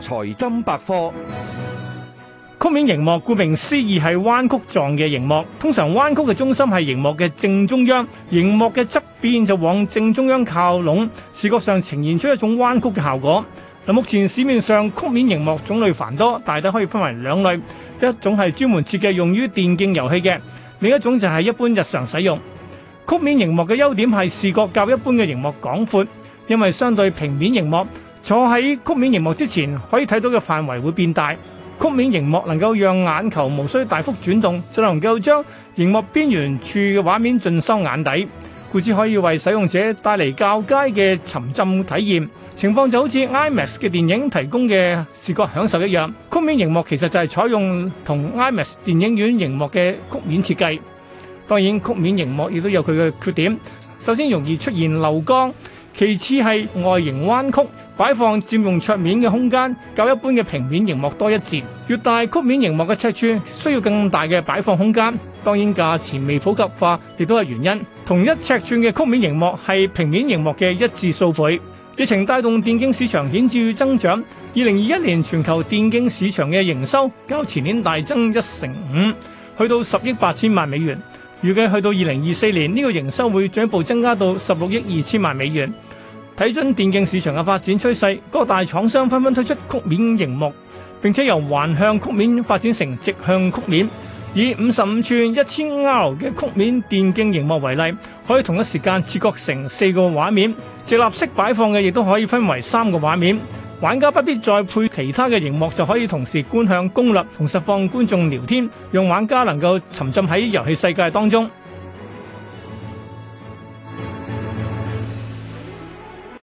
財金百科，曲面熒幕顧名思義係彎曲狀嘅熒幕，通常彎曲嘅中心係熒幕嘅正中央，熒幕嘅側邊就往正中央靠攏，視覺上呈現出一種彎曲嘅效果。嗱，目前市面上曲面熒幕種類繁多，大體可以分為兩類，一種係專門設計用於電競遊戲嘅，另一種就係一般日常使用。曲面熒幕嘅優點係視覺較一般嘅熒幕廣闊，因為相對平面熒幕，坐喺曲面螢幕之前，可以睇到嘅範圍會變大。曲面螢幕能夠讓眼球無需大幅轉動，就能夠將螢幕邊緣處嘅畫面盡收眼底，故此可以為使用者帶嚟較佳嘅沉浸體驗。情況就好似 IMAX 嘅電影提供嘅視覺享受一樣。曲面螢幕其實就係採用同 IMAX 電影院螢幕嘅曲面設計。當然，曲面螢幕亦都有佢嘅缺點。首先，容易出現漏光；其次係外形彎曲。擺放佔用桌面嘅空間，較一般嘅平面熒幕多一截。越大曲面熒幕嘅尺寸，需要更大嘅擺放空間。當然，價錢未普及化亦都係原因。同一尺寸嘅曲面熒幕係平面熒幕嘅一至數倍。疫情帶動電競市場顯著增長，二零二一年全球電競市場嘅營收較前年大增一成五，去到十億八千萬美元。預計去到二零二四年，呢個營收會進一步增加到十六億二千萬美元。睇準電競市場嘅發展趨勢，各大廠商紛紛推出曲面熒幕，並且由橫向曲面發展成直向曲面。以五十五寸一千 R 嘅曲面電競熒幕為例，可以同一時間切割成四個畫面；直立式擺放嘅亦都可以分為三個畫面。玩家不必再配其他嘅熒幕，就可以同時觀向攻略同實況、觀眾聊天，讓玩家能夠沉浸喺遊戲世界當中。